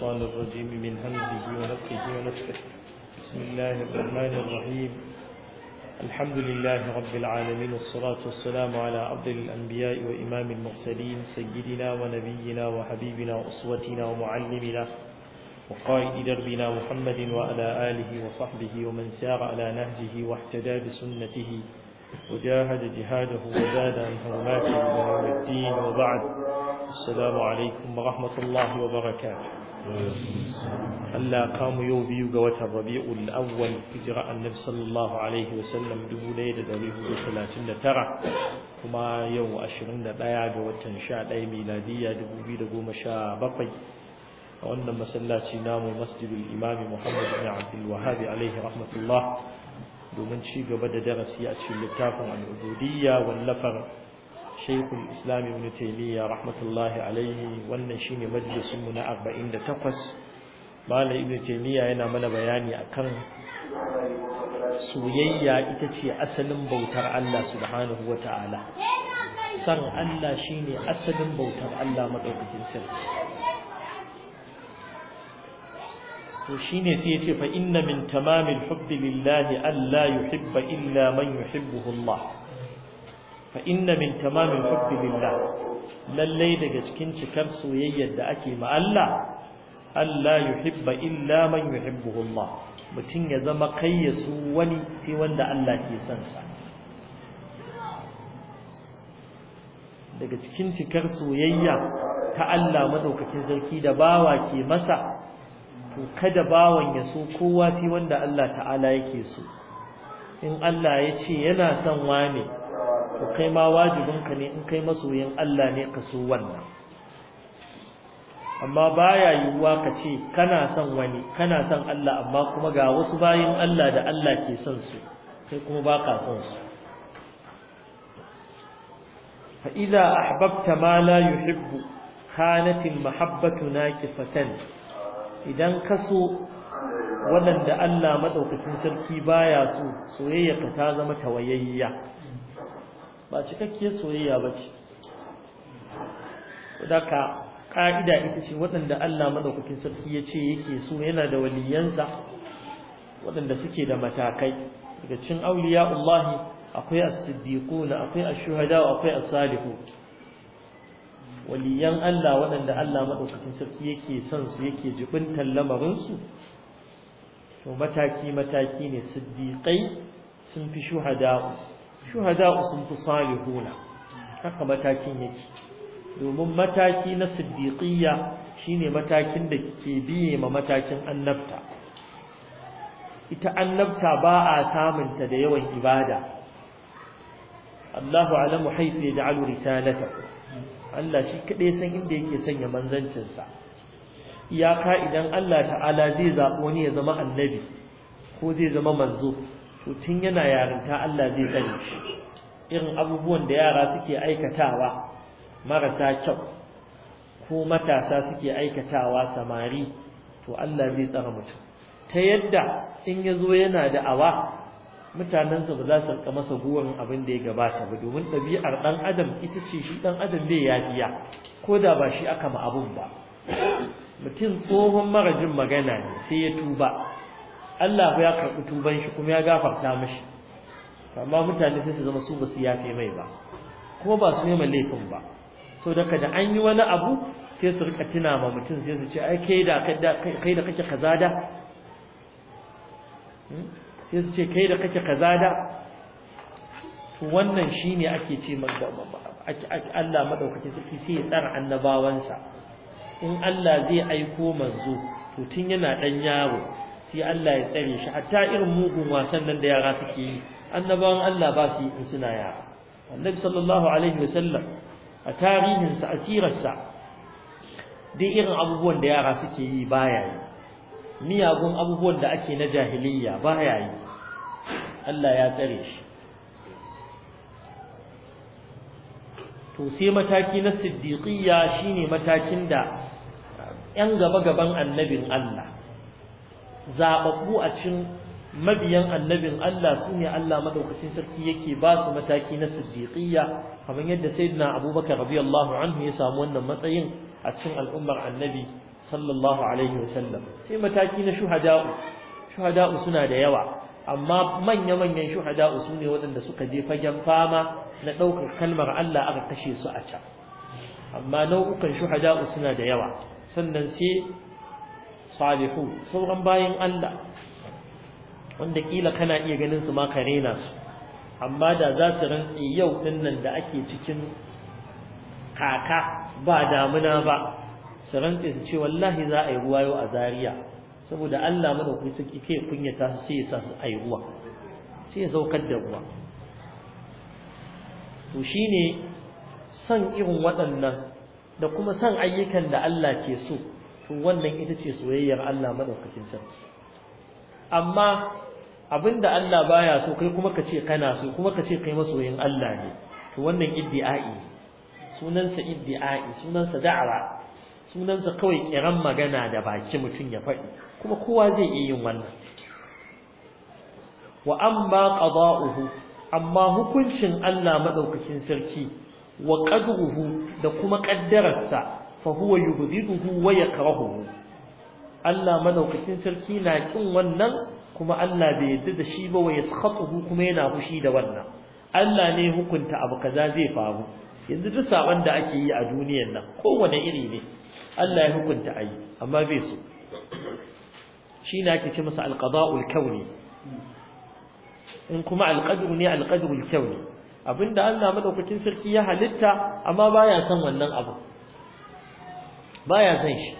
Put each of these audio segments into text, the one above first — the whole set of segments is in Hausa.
الشيطان الرجيم من همزه ونفخه ونفخه بسم الله الرحمن الرحيم الحمد لله رب العالمين والصلاة والسلام على أفضل الأنبياء وإمام المرسلين سيدنا ونبينا وحبيبنا وأسوتنا ومعلمنا وقائد دربنا محمد وعلى آله وصحبه ومن سار على نهجه واحتدى بسنته وجاهد جهاده وزاد عن حرماته من الدين وبعد السلام عليكم ورحمة الله وبركاته Allah kamu yau biyu ga watan Rabi'ul Awwal hijra Annabi sallallahu alaihi wasallam 1439 kuma yau 21 ga watan 11 miladiya 2017 a wannan masallaci namu Masjidul Imam Muhammad bin Abdul Wahhab alaihi rahmatullah domin ci gaba da darasi a cikin littafin al-Ubudiyya wallafar shaikul islam ibn taymiya rahmatullahi alaihi wannan shine na arba'in da 48 malam ibn taymiya yana mana bayani akan soyayya ita ce asalin bautar Allah subhanahu wataala san Allah shine asalin bautar Allah madaukakin sarki to shine sai yace fa inna min tamamil hubbi lillahi alla yuhibba illa man yuhibbuhu Allah fa inna min tamamin hubbi lillah lallai daga cikin cikar soyayyar da ake ma Allah Allah yuhibba illa man yuhibbuhu Allah mutum ya zama kayyasu wani sai wanda Allah ke son sa daga cikin cikar soyayya ta Allah madaukakin sarki da bawa ke masa to kada bawan ya so kowa sai wanda Allah ta'ala yake so in Allah ya ce yana son ne. ko kai ma wajibinka ne in kai masoyin Allah ne ka so wannan amma baya yiwuwa ka ce kana son wani kana son Allah amma kuma ga wasu bayin Allah da Allah ke son su kai kuma ba ka son su fa idza ahbabta ma la yuhibbu kanat al mahabbatu naqisatan idan ka so waɗanda Allah madaukakin sarki baya so soyayya ta zama tawayayya ba cikakkiyar soyayya ba ce daga ƙa'ida ita ce waɗanda Allah maɗaukakin sarki ya ce yake so yana da waliyansa waɗanda suke da matakai daga cin auliya Allah akwai as na akwai ash-shuhada akwai as-salihu waliyan Allah waɗanda Allah maɗaukakin sarki yake son su yake jibin lamarin su to mataki mataki ne siddiqai sun fi shuhada'u shuhada sun fi salihuna haka matakin yake domin mataki na siddiqiyya shine matakin da ke biye ma matakin annabta ita annabta ba a samunta da yawan ibada Allahu alamu haifu ya ja'alu risalata Allah shi kade san inda yake sanya manzancinsa iyaka idan Allah ta'ala zai zaɓo ne ya zama annabi ko zai zama manzo to tun yana yarinta Allah zai tsare irin abubuwan da yara suke aikatawa marasa kyau ko matasa suke aikatawa samari to Allah zai tsare mutum ta yadda in ya zo yana da awa mutanensa ba za su rika masa guwan abin da ya gabata ba domin ɗabi'ar ɗan adam ita ce shi ɗan adam bai yafiya ko da ba shi aka ma abun ba mutum tsohon marajin magana ne sai ya tuba Allah ya karɓi tuban shi kuma ya gafarta mishi amma mutane sai su zama su basu yafe mai ba kuma ba su neman laifin ba so daga da an yi wani abu sai su rika tuna ma mutum sai su ce ai kai da kake kaza hmm? sai su ce kai da kake kaza to wannan shine ake ce Allah madaukakin sarki sai ya tsara annabawansa in Allah zai aiko manzo to tun yana ɗan yaro sai Allah ya tsare shi hatta irin mugun wasan nan da yara suke yi annabawan Allah ba su yi suna yara annabi sallallahu alaihi wasallam a tarihinsa a sirarsa duk irin abubuwan da yara suke yi baya yi miyagun abubuwan da ake na jahiliyya baya yi Allah ya tsare shi to sai mataki na siddiqiyya shine matakin da yan gaba gaban annabin Allah zababbu a cikin mabiyan annabin Allah su ne Allah maɗaukacin sarki yake ba su mataki na siddiqiyya kamar yadda sayyidina Abubakar radiyallahu anhu ya samu wannan matsayin a cikin al'ummar annabi sallallahu alaihi sallam. sai mataki na shuhada'u shuhada'u suna da yawa amma manya manyan shuhada'u su ne waɗanda suka je fagen fama na ɗaukar kalmar Allah aka kashe su a can amma nau'ukan shuhada'u suna da yawa sannan sai salihu sauran bayan Allah wanda kila kana iya ganin su ma ka rena su amma da za su rantsi yau dinnan da ake cikin kaka ba damuna ba su rantsi su ce wallahi za a yi ruwa yau a Zariya. saboda Allah mana ku kike kunya kunyata su sai ya sa su ayi ruwa sai ya saukar da ruwa to shine son irin waɗannan da kuma son ayyukan da Allah ke so to wannan ita ce soyayyar Allah madaukakin sarki amma abinda Allah baya so kai kuma ka ce kana so kuma ka ce kai masoyin Allah ne to wannan iddi'ai sunansa iddi'ai sunansa da'awa sunansa kawai kiran magana da baki mutum ya faɗi kuma kowa zai iya yin wannan wa amma qada'uhu amma hukuncin Allah madaukakin sarki wa qadruhu da kuma kaddararsa fa huwa yubghiduhu wa yakrahuhu Allah madaukakin sarki na kin wannan kuma Allah bai yadda da shi ba wa yaskhatuhu kuma yana fushi da wannan Allah ne hukunta abu kaza zai faru yanzu duk saban da ake yi a duniyar nan kowane iri ne Allah ya hukunta ayi amma bai so shi ne ake ce masa alqada'ul kauni in kuma alqadru ne alqadrul kauni abinda Allah madaukakin sarki ya halitta amma baya son wannan abu baya zan shi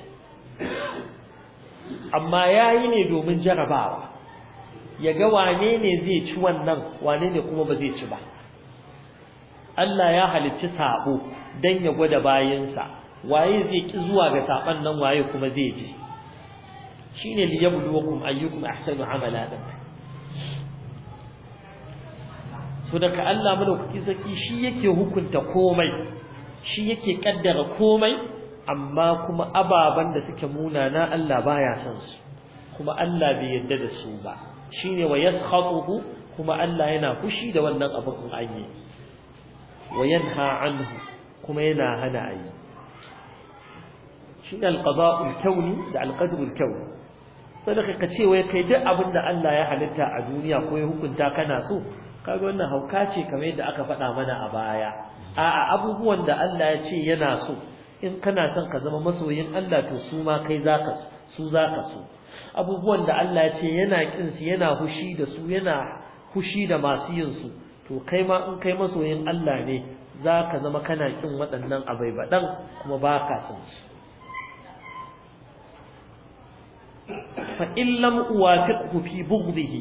amma yayi ne domin jarabawa ya ga wane ne zai ci wannan wane ne kuma ba zai ci ba Allah ya halicci sabo dan ya gwada bayinsa waye zai ki zuwa ga saban nan waye kuma zai ji shine liyabluwakum ayyukum ahsanu amala dan so daga Allah madaukaki saki shi yake hukunta komai shi yake kaddara komai amma kuma ababan da suke munana Allah baya son su kuma Allah bai yadda da su ba shine wa yaskhatuhu kuma Allah yana fushi da wannan abin in an yi wa yanha anhu kuma yana hana ayi shine al-qada'u al-kawni da al-qadru al-kawni sadaka ka ce wai kai duk abin da Allah ya halitta a duniya ko ya hukunta kana so kaga wannan hauka ce kamar yadda aka faɗa mana a baya a'a abubuwan da Allah ya ce yana so in kana son ka zama masoyin Allah to su ma kai zaka su zaka su abubuwan da Allah ya ce yana kin su yana hushi da su yana hushi da masu yin su to kai ma in kai masoyin Allah ne zaka zama kana kin waɗannan abai baɗan kuma baka san su fa in lam uwafiqhu fi bughdihi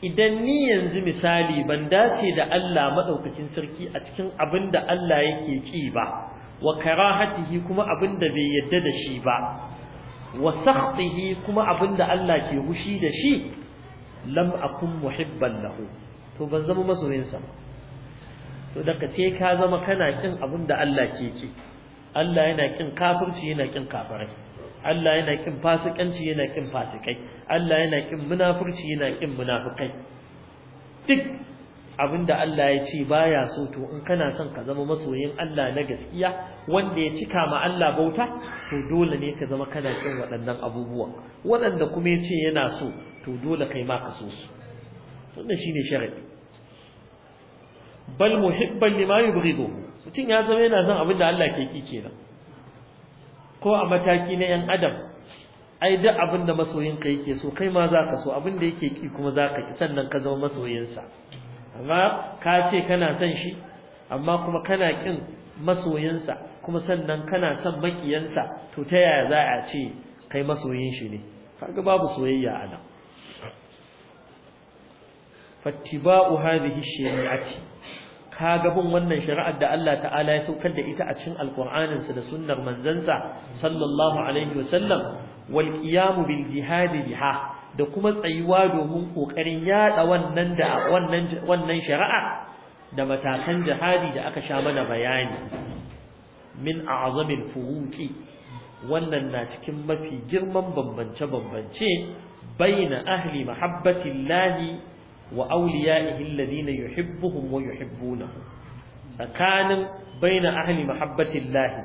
idan ni yanzu misali ban dace da Allah madaukakin sarki a cikin abin da Allah yake ki ba wa karahatihi kuma abinda bai yadda da shi ba wa sakhtihi kuma abinda Allah ke hushi da shi lam akun muhibban lahu to ban zama masoyin sa so daga sai ka zama kana kin abinda Allah ke ce, Allah yana kin kafirci yana kin kafirai Allah yana kin fasikanci yana kin fasikai Allah yana kin munafurci yana kin munafikai duk abinda Allah ya ce baya so to in kana son ka zama masoyin Allah na gaskiya wanda ya cika ma Allah bauta to dole ne ka zama kana kin waɗannan abubuwa waɗanda kuma ya ce yana so to dole kai ma ka so su wannan shine sharadi bal muhibban lima yubghidu mutum ya zama yana son abinda Allah ke ki kenan ko a mataki na yan adam ai duk abin da masoyinka yake so kai ma za ka so abin da yake ki kuma za ka ki sannan ka zama masoyinsa ba ka ce kana son shi amma kuma kana kin masoyinsa kuma sannan kana son makiyansa to ta yaya za a ce kai masoyin shi ne kaga babu soyayya a nan fattiba'u hadhihi shari'ati kaga bin wannan shari'ar da Allah ta'ala ya saukar da ita a cikin alqur'anin sa da sunnar manzansa sallallahu alaihi wasallam wal qiyam bil jihad biha da kuma tsayuwa domin kokarin yada wannan da wannan wannan shari'a da matakan jihadi da aka sha mana bayani min a'zamil furuqi wannan na cikin mafi girman bambance bambance baina ahli mahabbatillahi wa awliya'ihi alladhina yuhibbuhum wa yuhibbunahu tsakanin baina ahli mahabbatillahi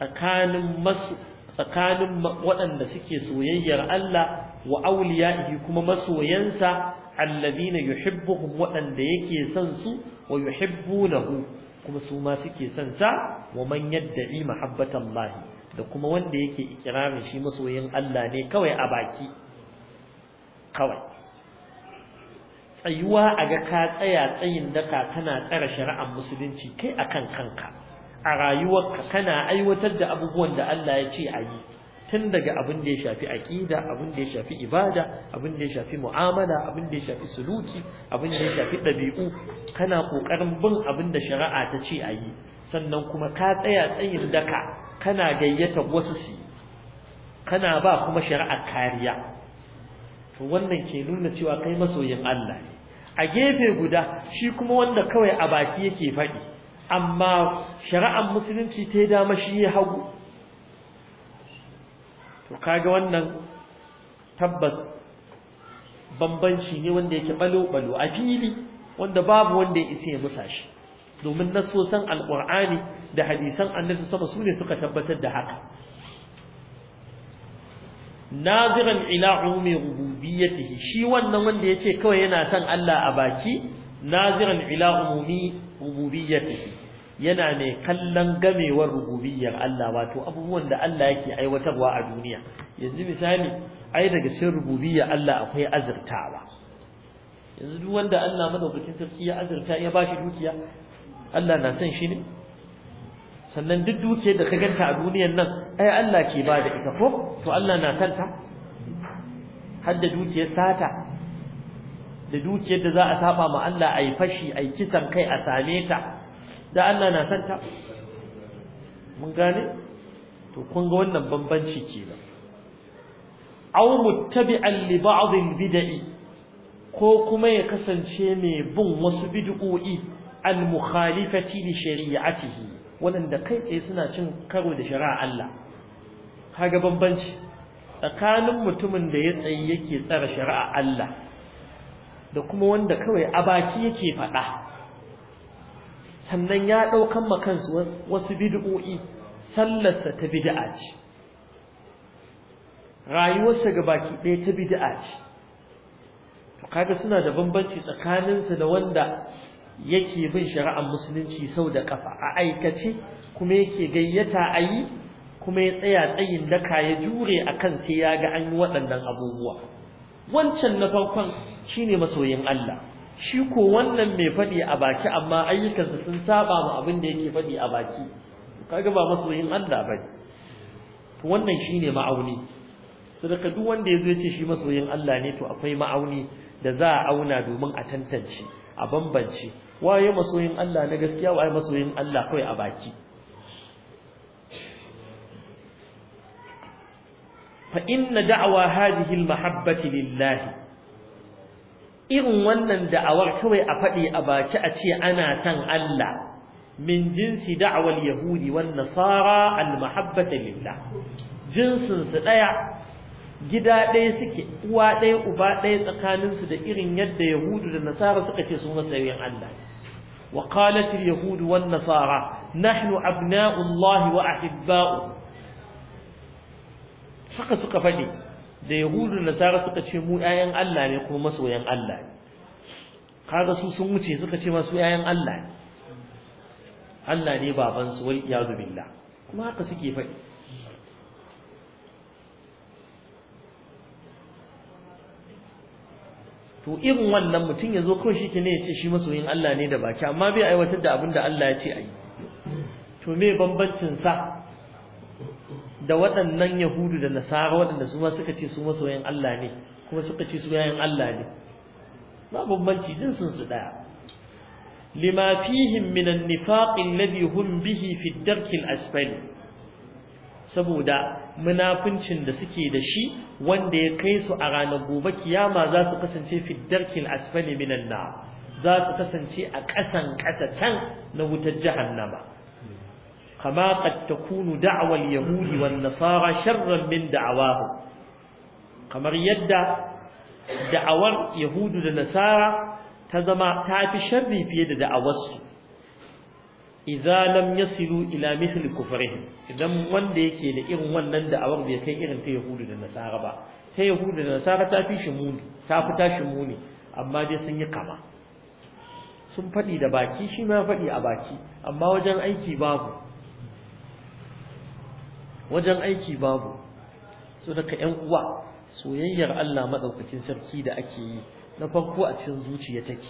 tsakanin masu tsakanin waɗanda suke soyayyar Allah wa awliyaihi kuma masoyansa alladhina yuhibbuhum waɗanda yake son su wa yuhibbunahu kuma su ma suke son sa wa man yadda'i mahabbatallahi da kuma wanda yake ikirarin shi masoyin Allah ne kawai a baki kawai tsayuwa a ga ka tsaya tsayin daka kana tsara shari'ar musulunci kai akan kanka a rayuwarka kana aiwatar da abubuwan da Allah ya ce a yi tun daga abin da ya shafi aqida abin da ya shafi ibada abin da ya shafi mu'amala abin da ya shafi suluki abin da ya shafi dabi'u kana kokarin bin abin da shari'a ta ce a yi sannan kuma ka tsaya tsayin daka kana gayyata wasu su kana ba kuma shari'a kariya to wannan ke nuna cewa kai masoyin Allah ne a gefe guda shi kuma wanda kawai a baki yake faɗi amma shari'ar musulunci ta yi dama shi ya hagu to kaga wannan tabbas bambanci ne wanda yake balo-balo a fili wanda babu wanda ya isa ya musa shi domin nasosan alkur'ani da hadisan annabi saba sune suka tabbatar da haka naziran ila umi rububiyyatihi shi wannan wanda yace kawai yana san Allah a baki naziran ila umumi rububiyyatihi yana mai kallon gamewar rububiyyar Allah wato abubuwan da Allah yake aiwatarwa a duniya yanzu misali ai daga cikin rububiyyar Allah akwai azurtawa yanzu duk wanda Allah madaukakin sarki ya azurta ya shi dukiya Allah na san shi ne sannan duk dukiyar da ka ganta a duniyar nan ai Allah ke ba da ita ko to Allah na san ta har da dukiyar sata da dukiyar da za a saba ma Allah ai fashi ai kisan kai a same ta da Allah na santa mun gane to kun ga wannan bambanci kenan aw muttabi'an li ba'dhin bidi ko kuma ya kasance mai bin wasu bid'o'i al-mukhalifati li shari'atihi wanda kai tsaye suna cin karo da shari'a Allah kaga bambanci tsakanin mutumin da ya tsaye yake tsara shari'a Allah da kuma wanda kawai abaki yake faɗa sannan ya ɗaukan ma kansu wasu bid'o'i sallarsa ta bid'a ce rayuwarsa ga baki ɗaya ta bid'a ce to kaga suna da bambanci tsakaninsu da wanda yake bin shari'ar musulunci sau da kafa a aikace kuma yake gayyata a yi kuma ya tsaya tsayin daka ya jure a kan sai ya ga an yi waɗannan abubuwa wancan na farkon shine masoyin Allah shi ko wannan mai faɗi a baki amma ayyukansa sun saba ma abin da yake faɗi a baki kaga ba masoyin Allah ba to wannan shine ma'auni sadaka duk wanda yazo ya ce shi masoyin Allah ne to akwai ma'auni da za a auna domin a tantance a bambance waye masoyin Allah na gaskiya waye masoyin Allah kai a baki fa inna da'wa hadhihi al-mahabbati lillahi irin wannan da'awar kawai a faɗi a baki a ce ana san Allah min jinsi da'awar yahudi wan nasara al-mahabbata lillah jinsin su daya gida ɗaya suke uwa ɗaya uba ɗaya tsakaninsu da irin yadda yahudu da nasara suka ce su masayin Allah wa qalat al-yahud wan nasara nahnu abna'u Allah wa ahibba'u haka suka faɗi da yahudu nasara suka ce mu ƴaƴan Allah ne kuma masoyan Allah ne kaga su sun wuce suka ce masu ƴaƴan Allah ne Allah ne baban su wal iyadu billah kuma haka suke faɗi to irin wannan mutum ya zo kawai shi ke ne ya ce shi masoyin Allah ne da baki amma bai aiwatar da abin da Allah ya ce a yi to me bambancin sa da waɗannan yahudu da nasara waɗanda su suka ce su masoyan Allah ne kuma suka ce su yayin Allah ne ba bambanci jinsin su daya lima fihim min an-nifaq alladhi hum bihi fi ad-dark al-asfal saboda munafincin da suke da shi wanda ya kai su a ranar gobe kiyama za su kasance fi ad-dark al-asfal min an-nar za su kasance a ƙasan ƙasa can na wutar jahannama kama qad takunu da'wal yahudi wan nasara sharran min da'awahum kamar yadda da'awar yahudu da nasara ta zama ta fi sharri fiye da da'awarsu idza lam yasilu ila mithl kufrihim idan wanda yake da irin wannan da'awar bai kai irin ta yahudu da nasara ba ta yahudu da nasara ta fi shi muni ta fi tashi muni amma dai sun yi kama sun faɗi da baki shi ma faɗi a baki amma wajen aiki babu wajen aiki babu so daga ƴan uwa soyayyar Allah maɗaukacin sarki da ake yi na farko a cikin zuciya take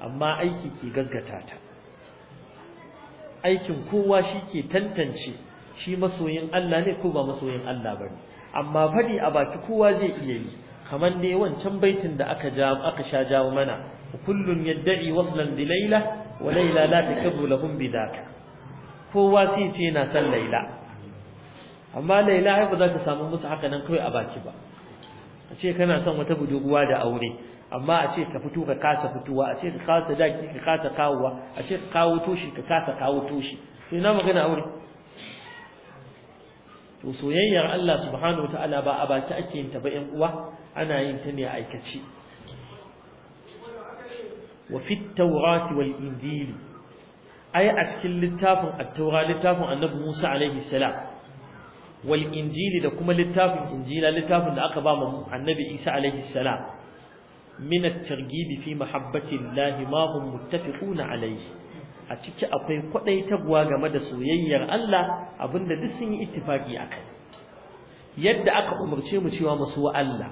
amma aiki ke gaggata ta aikin kowa shi ke tantance shi masoyin Allah ne ko ba masoyin Allah ba ne amma faɗi a baki kowa zai iya yi kamar ne wancan baitin da aka ja aka sha jawo mana kullun yadda'i waslan bi Laila wa laila la takabbu lahum bidaka kowa sai ce yana san laila amma laila ai ba za ta samu musu haka nan kawai a baki ba a ce kana son wata budurwa da aure amma a ce ka fito ka kasa fitowa a ce ka kasa daki ka kasa kawowa a ce ka kawo toshi ka kasa kawo toshi to ina magana aure to soyayyar Allah subhanahu wataala ba a baki ake yin ta ba ƴan uwa ana yin ta ne a aikace wa fi tawrati wal injili ai a cikin littafin at-taura littafin annabi Musa alaihi salam wal injili da kuma littafin injila littafin da aka ba mu annabi Isa alaihi salam min at-targhib fi mahabbati ma hum muttafiquna alaihi a ciki akwai kwadaitarwa game da soyayyar Allah abinda duk sun yi ittifaki akai yadda aka umarce mu cewa mu so Allah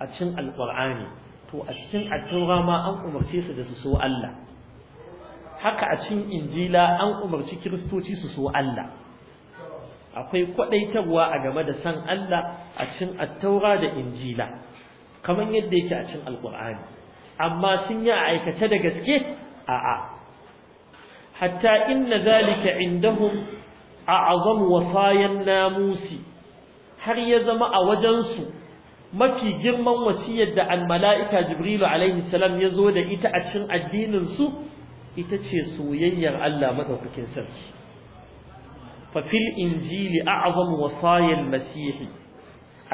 a cikin alqur'ani to a cikin at ma an umarce su da su so Allah haka a cikin injila an umarci kiristoci su so Allah akwai kwadaitarwa a game da san Allah a cikin Attaura da injila kamar yadda yake a cikin alqur'ani amma sun yi aikata da gaske a'a hatta inna zalika indahum a'zam wasayan namusi har ya zama a wajen su mafi girman wasiyar da al-mala'ika jibrilu alaihi salam ya zo da ita a cikin addinin su ita ce soyayyar Allah madaukakin sarki fa fil injili a'zamu wasayil masihi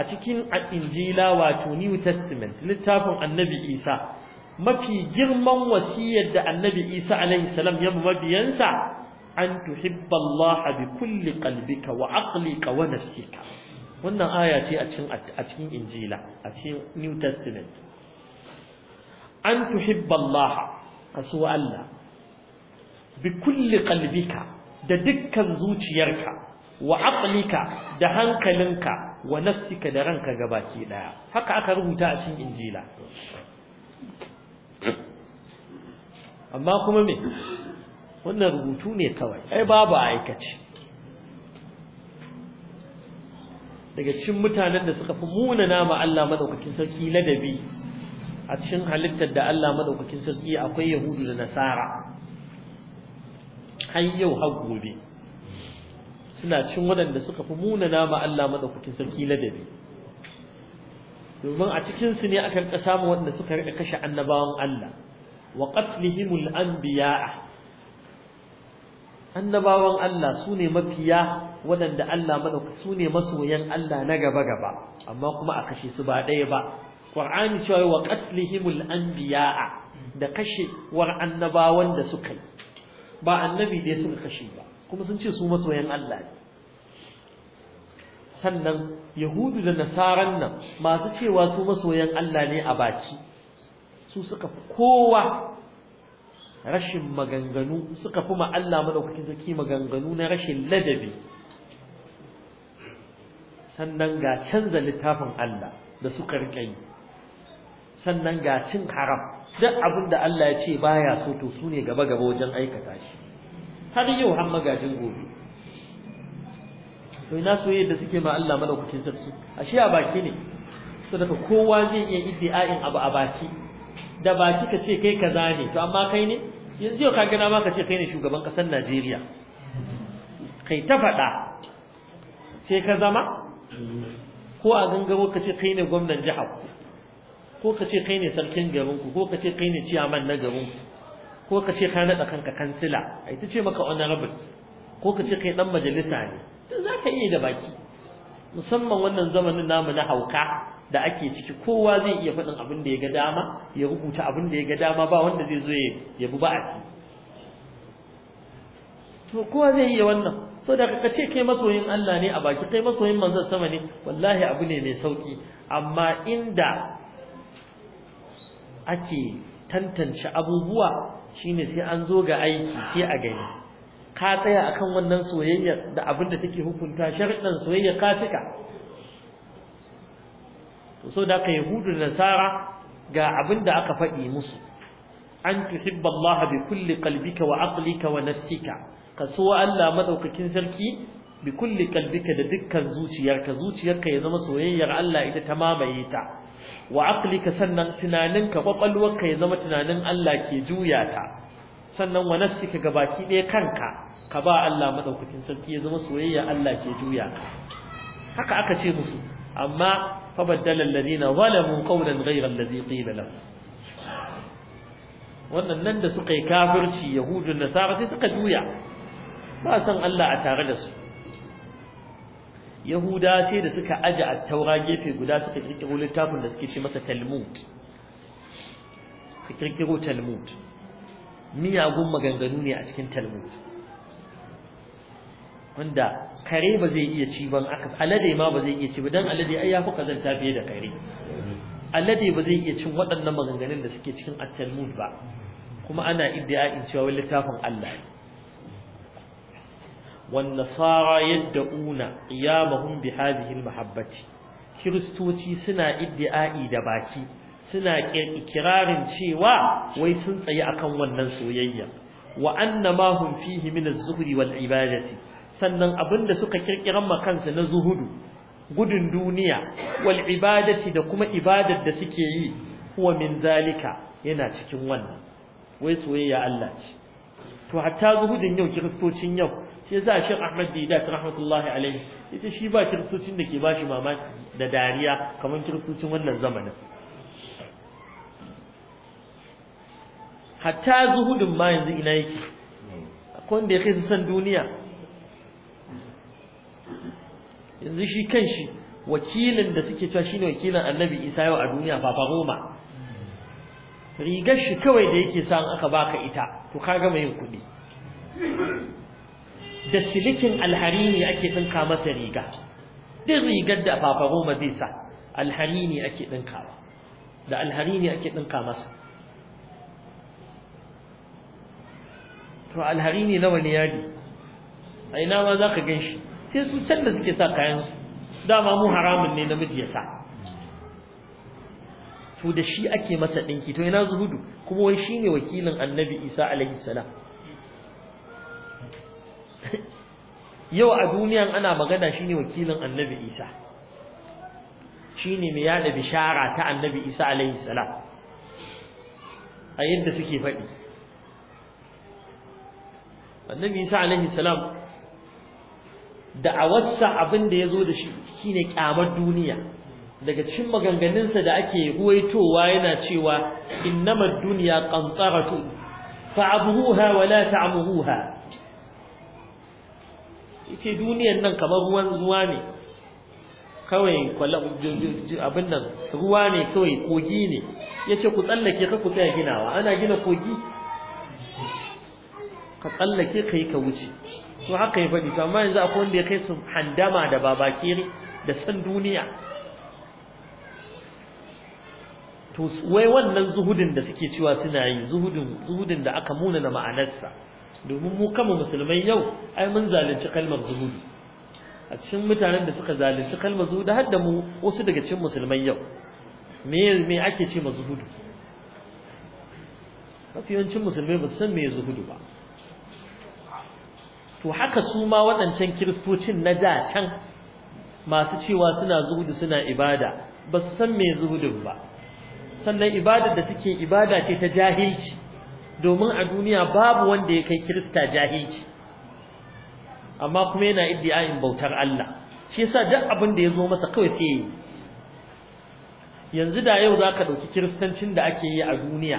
a cikin injila wato new testament littafin annabi isa mafi girman wasiyar da annabi isa alaihi salam ya mabiyansa an tuhibba Allah bi kulli qalbika wa aqlika wa nafsika wannan aya ce a cikin a cikin injila a cikin new testament an tuhibba Allah kaso Allah bi kulli qalbika da dukkan zuciyarka wa aqlika da hankalinka wa nafsika da ranka gabaki daya haka aka rubuta a cikin injila amma kuma me wannan rubutu ne kawai ai babu aikace daga cikin mutanen da suka fi muna ma Allah madaukakin sarki ladabi a cikin halittar da Allah madaukakin sarki akwai yahudu da nasara har yau har gobe suna cin waɗanda suka fi muna nama Allah madaukakin sarki ladabi domin a cikin su ne aka rika samun waɗanda suka rika kashe annabawan Allah wa qatlihimul anbiya annabawan Allah su ne mafiya waɗanda Allah madaukakin su ne masoyan Allah na gaba gaba amma kuma a kashe su ba ɗaya ba Qur'ani cewa wa qatlihimul anbiya da kashe war annabawan da suka yi ba annabi dai suka kashe ba kuma sun ce su masoyan Allah ne sannan yahudu da nasaran nan masu cewa su masoyan Allah ne a baki su suka fi kowa rashin maganganu suka fi ma Allah madaukakin sarki maganganu na rashin ladabi sannan ga canza littafin Allah da suka rike yi sannan ga cin haram duk abin da Allah ya ce baya so to sune gaba gaba wajen aikata shi har yau har magajin gobe to ina soyayya da suke ma Allah madaukakin sarki ashe a baki ne so daga kowa zai iya iddia'in abu a baki da baki ka ce kai kaza ne to amma kai ne yanzu ka gana ma ka ce kai ne shugaban kasar Najeriya kai ta faɗa sai ka zama ko a gangamo ka ce kai ne gwamnan jihar ko ka ce kai ne sarkin garinku ko ka ce kai ne ciyaman na garinku ko ka ce ka naɗa kanka kansila ai ta ce maka honorable ko ka ce kai ɗan majalisa ne to za ka iya da baki musamman wannan zamanin namu na hauka da ake ciki kowa zai iya faɗin abin da ya ga dama ya rubuta abin da ya ga dama ba wanda zai zo ya bi ba'ati to kowa zai iya wannan so da ka ce kai masoyin Allah ne a baki kai masoyin manzon sama ne wallahi abu ne mai sauki amma inda ake tantance abubuwa shine sai an zo ga aiki sai a gani ka tsaya akan wannan soyayya da abin da take hukunta sharɗan soyayya ka tuka to so da ka yahudu da nasara ga abin da aka faɗi musu an tuhibba Allah bi kulli qalbika wa aqlika wa nafsika ka so Allah madaukakin sarki bi kalbika da dukkan zuciyarka zuciyarka ya zama soyayyar Allah ita ta mamaye ta wa aqlika sannan tunaninka kwakwalwarka ya zama tunanin Allah ke juya ta sannan wa nafsika gabaki ɗaya kanka ka ba Allah madaukakin sarki ya zama soyayya Allah ke juya haka aka ce musu amma fa baddala alladhina zalamu qawlan ghayra alladhi qila lahum wannan nan da suka yi kafirci yahudun nasara sai suka juya ba san Allah a tare da su yahuda sai da suka aje a taura gefe guda suka kirkiro littafin da suke ce masa talmud suka kirkiro talmud miyagun maganganu ne a cikin talmud wanda kare ba zai iya ci ban aka alade ma ba zai iya ci ba dan alade ai yafi kazanta fiye da kare alade ba zai iya cin waɗannan maganganun da suke cikin at-talmud ba kuma ana iddia in cewa littafin Allah والنصارى yadda'una قيامهم بهذه المحبة kiristoci suna iddi'ai da baki suna ikirarin cewa wai sun tsaye akan wannan soyayya wa annama hum fihi min az-zuhri wal ibadati sannan abinda suka kirkiran makansu na zuhudu gudun duniya wal ibadati da kuma ibadar da suke yi huwa min zalika yana cikin wannan wai soyayya Allah ce to hatta zuhudin yau kiristocin yau shi yasa Sheikh Ahmad Didat rahmatullahi alaihi ita shi ba kiristocin da ke bashi mamaki da dariya kamar kiristocin wannan zamanin hatta zuhudin ma yanzu ina yake akwai wanda ya kai san duniya yanzu shi kan shi wakilin da suke cewa shine wakilin annabi isa yau a duniya fafa goma rigar shi kawai da yake sa aka baka ita to ka gama yin kuɗi da silikin alharini ake ɗinka masa riga duk rigar da fafaroma zai sa alharini ake ɗinkawa da alharini ake ɗinka masa to alharini nawa ne yadi a ina ma za ka gan shi sai su can da suke sa kayan su. dama mu haramun ne namiji ya sa to da shi ake masa ɗinki to ina zuhudu kuma wai shi ne wakilin annabi isa alaihi salam yau a duniyan ana magana shine wakilin annabi isa shine mai yada bishara ta annabi isa alaihi salam a yadda suke faɗi annabi isa alaihi salam da'awarsa abin da ya zo da shi shine kyamar duniya daga cikin maganganunsa da ake ruwaitowa yana cewa innamad dunya qantaratu wala wa la ta'muha yace duniyar nan kamar ruwan ruwa ne kawai abin nan ruwa ne kawai kogi ne yace ku tsallake ka ku tsaya ginawa ana gina kogi ka tsallake ka yi ka wuce to haka ya faɗi to amma yanzu akwai wanda ya kai su handama da babakere da san duniya to wai wannan zuhudin da suke cewa suna yi zuhudin zuhudin da aka muna na ma'anarsa domin mu kama musulmai yau ai mun zalunci kalmar zuhudu a cikin mutanen da suka zalunci kalmar zuhudu har da mu wasu daga cikin musulmai yau me me ake ce zuhudu mafi yawancin musulmai ba su san me zuhudu ba to haka su ma waɗancan kiristocin na da can masu cewa suna zuhudu suna ibada ba su san me zuhudun ba sannan ibadar da suke ibada ce ta jahilci domin a duniya babu wanda ya kai kirista jahilci amma kuma yana iddiayin bautar Allah shi yasa duk abin da ya zo masa kawai sai yanzu da yau zaka dauki kiristancin da ake yi a duniya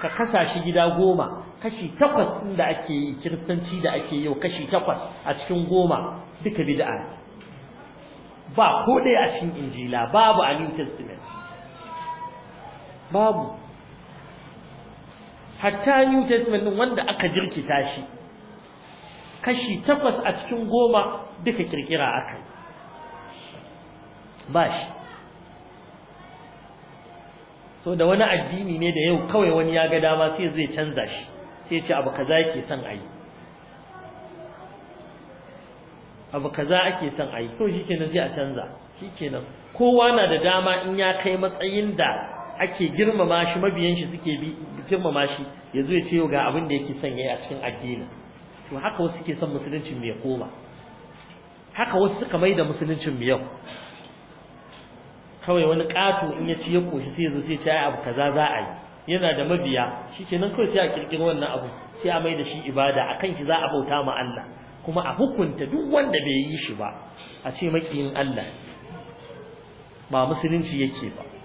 ka kasa shi gida goma kashi takwas din da ake yi kiristanci da ake yau kashi takwas a cikin goma duka bid'a ba ko ɗaya a cikin injila babu a new testament babu hatta new testament din wanda aka jirkita shi kashi takwas a cikin goma duka kirkira aka yi ba shi so da wani addini ne da yau kawai wani ya ga dama sai zai canza shi sai ce abu kaza yake son ayi abu kaza ake son ayi to shikenan sai a canza shikenan kowa na da dama in ya kai matsayin da ake girmama shi mabiyan shi suke bi girmama shi yazo ya ce ga abin da yake son yayi a cikin addini to haka wasu suke son musuluncin mai koma haka wasu suka mai da musuluncin mu yau kawai wani kato in ya ci ya koshi sai yanzu sai ya ce ai abu kaza za a yi yana da mabiya shikenan kawai sai a kirkiro wannan abu sai a mai da shi ibada akan shi za a bauta ma Allah kuma a hukunta duk wanda bai yi shi ba a ce makiyin Allah ba musulunci yake ba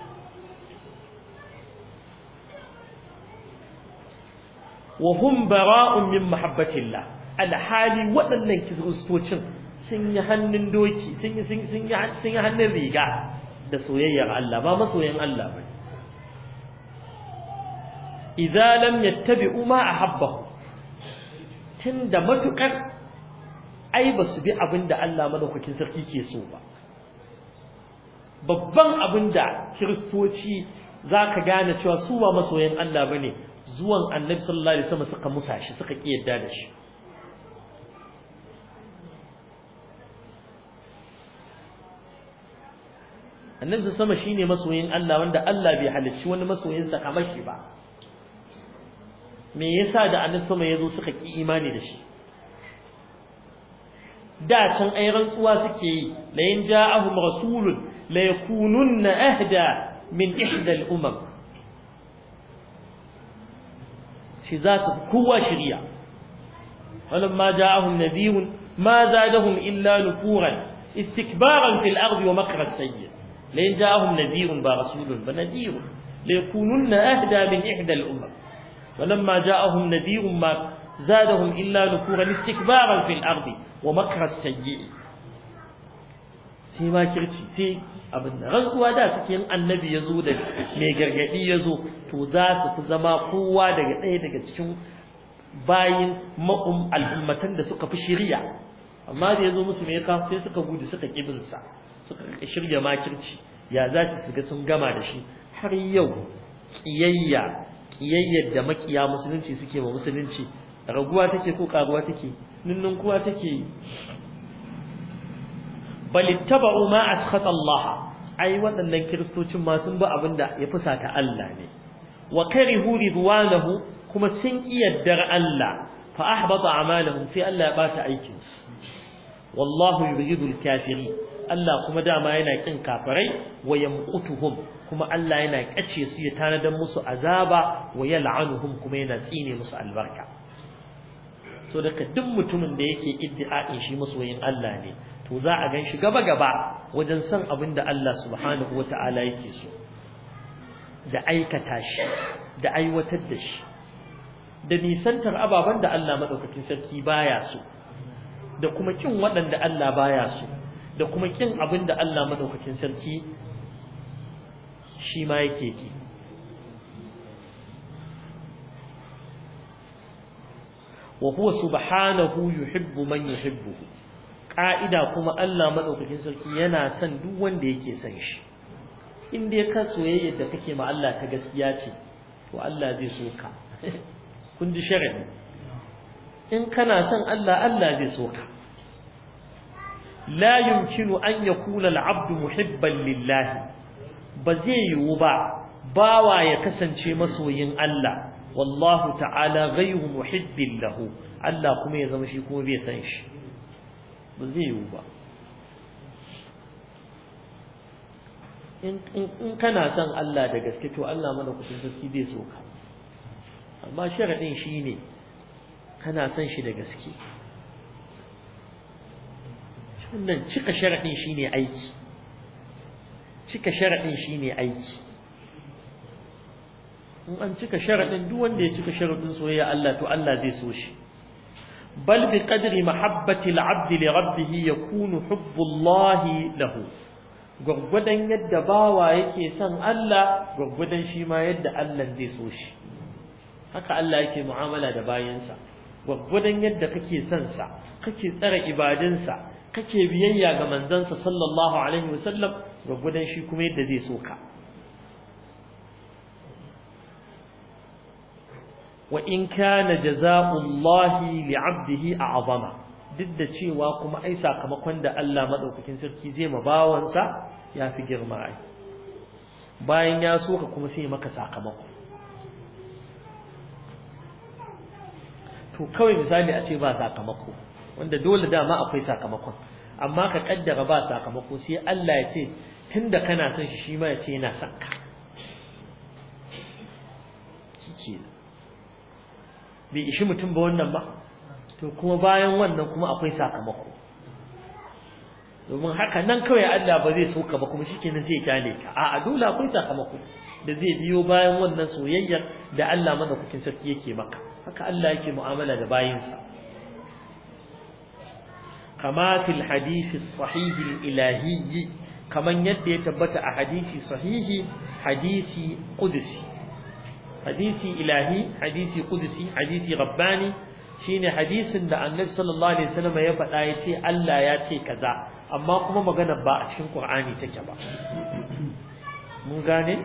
wa hum bara'un min mahabbatillah alhali waɗannan kiristocin sun yi hannun doki sun yi sun yi sun yi hannun riga da soyayyar Allah ba masoyan Allah ba idza lam yattabi'u ma ahabbahu tunda matukar ai ba su bi abinda Allah madaukakin sarki ke so ba babban abinda kiristoci za ka gane cewa su ba masoyan Allah ba ne zuwan annabi sallallahu alaihi wasallam suka musa shi suka ki yadda da shi annabi sama shine masoyin Allah wanda Allah bai halicci wani masoyin sa kamar shi ba me yasa da annabi sama yazo suka ki imani da shi da can ai rantsuwa suke yi la in ja'ahum rasulun la yakununna ahda min ihda al-umam shi za su kowa shirya falamma ja'ahum nadhirun ma zadahum illa nufuran istikbaran fil ardi wa makra sayyi la ja'ahum nadhirun ba rasulun ba nadhirun la yakununna ahda min ihda al umam falamma ja'ahum nadhirun ma zadahum illa nufuran istikbaran fil ardi wa makra sayyi sai makirci sai abin da rantsuwa da suke yin annabi ya zo da mai gargadi ya zo to za su fi zama kowa daga ɗaya daga cikin bayin ma'um al'ummatan da suka fi shirya amma da ya zo musu mai ka sai suka gudu suka kibinsa suka shirya makirci ya za su ga sun gama da shi har yau ƙiyayya kiyayyar da makiya musulunci suke ma musulunci raguwa take ko karuwa take Ninnin kuwa take balittaba'u ma askhata Allah ai waɗannan kiristocin ma sun bi abinda ya fusata Allah ne wa karihu ridwanahu kuma sun iyaddar Allah fa ahbata a'malahum sai Allah ya bata aikin su wallahu yuridu al-kafirin Allah kuma dama yana kin kafirai wa yamqutuhum kuma Allah yana kace su ya tanadan musu azaba wa yal'anuhum kuma yana tsine musu albarka so daga duk mutumin da yake iddia'in shi masoyin Allah ne to za a gan shi gaba gaba wajen son abin da Allah subhanahu wata'ala yake so da aikata shi da aiwatar da shi da nisantar ababen da Allah maɗaukakin sarki baya so da kuma kin waɗanda Allah baya so da kuma kin abin da Allah maɗaukakin sarki shi ma yake ki wa huwa subhanahu yuhibbu man ƙa'ida kuma Allah maɗaukakin sarki yana son duk wanda yake son shi in ka soyayyar da kake ma Allah ta gaskiya ce to Allah zai so ka kun ji sharadi in kana son Allah Allah zai so ka la kinu an ya al-abdu muhibban lillahi ba zai yiwu ba bawa ya kasance masoyin Allah wallahu ta'ala ghayru muhibbin lahu Allah kuma ya zama shi kuma bai san shi ba zai yiwu ba in kana son Allah da gaske to Allah mana kusin sarki zai so ka amma sharaɗin shi ne kana son shi da gaske wannan cika sharaɗin shi ne aiki cika sharaɗin shi ne aiki in an cika sharaɗin duk wanda ya cika sharaɗin soyayya Allah to Allah zai so shi بل بقدر محبة العبد لربه يكون حب الله له gwaggwadon yadda bawa yake son Allah gwaggwadon shi ma yadda Allah zai so shi haka Allah yake mu'amala da bayansa gwaggwadon yadda kake son sa kake tsara ibadinsa kake biyayya ga manzansa sallallahu alaihi wasallam gwaggwadon shi kuma yadda zai so ka wa in kana jaza'ullahi li'abdihi a'zama duk da cewa kuma ai sakamakon da Allah madaukakin sarki zai ma bawansa ya fi girma ai bayan ya soka kuma sai maka sakamako to kawai misali a ce ba sakamako wanda dole dama akwai sakamakon amma ka kaddara ba sakamako sai Allah ya ce tunda kana son shi shi ma ya ce yana son ka bai ishi mutum ba wannan ba to kuma bayan wannan kuma akwai sakamako domin haka nan kawai Allah ba zai so ka ba kuma shikenan zai kyale ka a'a dole akwai sakamako da zai biyo bayan wannan soyayyar da Allah madaukakin sarki yake maka haka Allah yake mu'amala da bayinsa kama fil hadisi sahihi ilahiyyi kaman yadda ya tabbata a hadisi sahihi hadisi qudsi hadisi ilahi hadisi kudusi hadisi rabbani shine hadisin da annabi sallallahu alaihi wasallam ya faɗa ya ce Allah ya ce kaza amma kuma magana ba a cikin Qur'ani take ba mun gane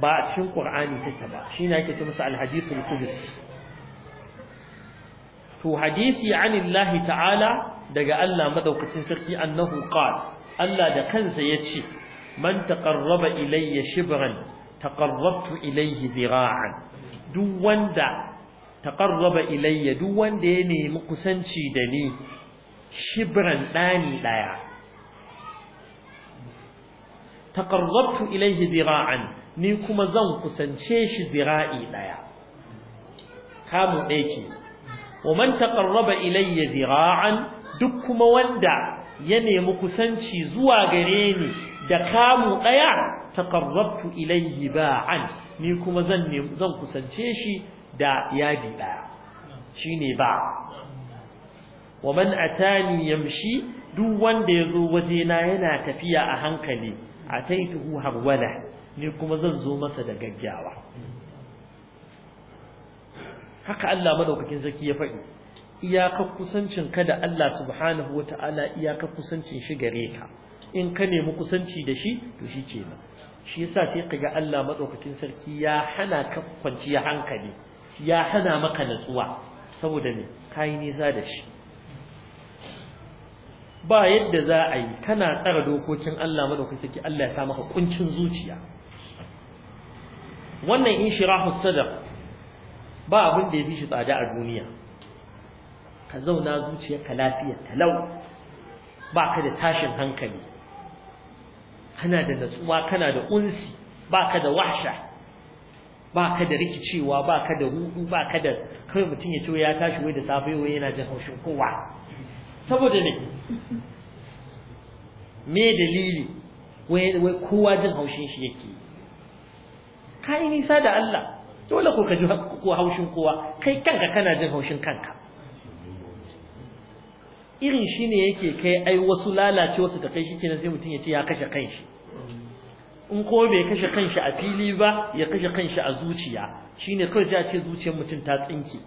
ba a cikin Qur'ani take ba shine ake ce masa al-hadithul to hadisi an Allah ta'ala daga Allah madaukakin sarki annahu qala Allah da kansa yace man taqarraba ilayya shibran taqarrabtu ilayhi zira'an duk wanda taqarraba ilayya duk wanda ya nemi kusanci da ni shibran dani daya taqarrabtu ilayhi zira'an ni kuma zan kusance shi zira'i daya kamu ɗaya ke wa man taqarraba ilayya zira'an duk kuma wanda ya nemi kusanci zuwa gare ni da kamu ɗaya taqarrabtu ilayhi ba'an ni kuma zan kusance shi da yadi ɗaya shine ba wa man atani yamshi duk wanda yazo waje na yana tafiya a hankali a ataituhu hawala ni kuma zan zo masa da gaggawa haka Allah madaukakin zaki ya faɗi iyakar kusancin ka da Allah subhanahu wata'ala iyakar kusancin shi gare ka in ka nemi kusanci da shi to shi kenan shi yasa sai kaga Allah madaukakin sarki ya hana ka kwanciya hankali ya hana maka natsuwa saboda me kai nisa da shi ba yadda za a yi kana tsara dokokin Allah madaukakin sarki Allah ya sa maka kuncin zuciya wannan inshirahu sadaq ba abin da ya fi shi tsada a duniya ka zauna zuciyarka lafiya talau ba ka da tashin hankali kana da natsuwa kana da unsi baka da wahsha baka da rikicewa baka da hudu baka da kai mutum ya ciwo ya tashi wai da safe wai yana jin haushin kowa saboda ne me dalili wai kowa jin haushin shi yake kai nisa da Allah dole ko ka ji haushin kowa kai kanka kana jin haushin kanka irin shi ne yake kai ai wasu lalace wasu ta kai shi kenan sai mutum ya ce ya kashe kanshi in ko bai kashe kanshi a fili ba ya kashe kanshi a zuciya shine kawai sai a ce zuciyar mutum ta tsinke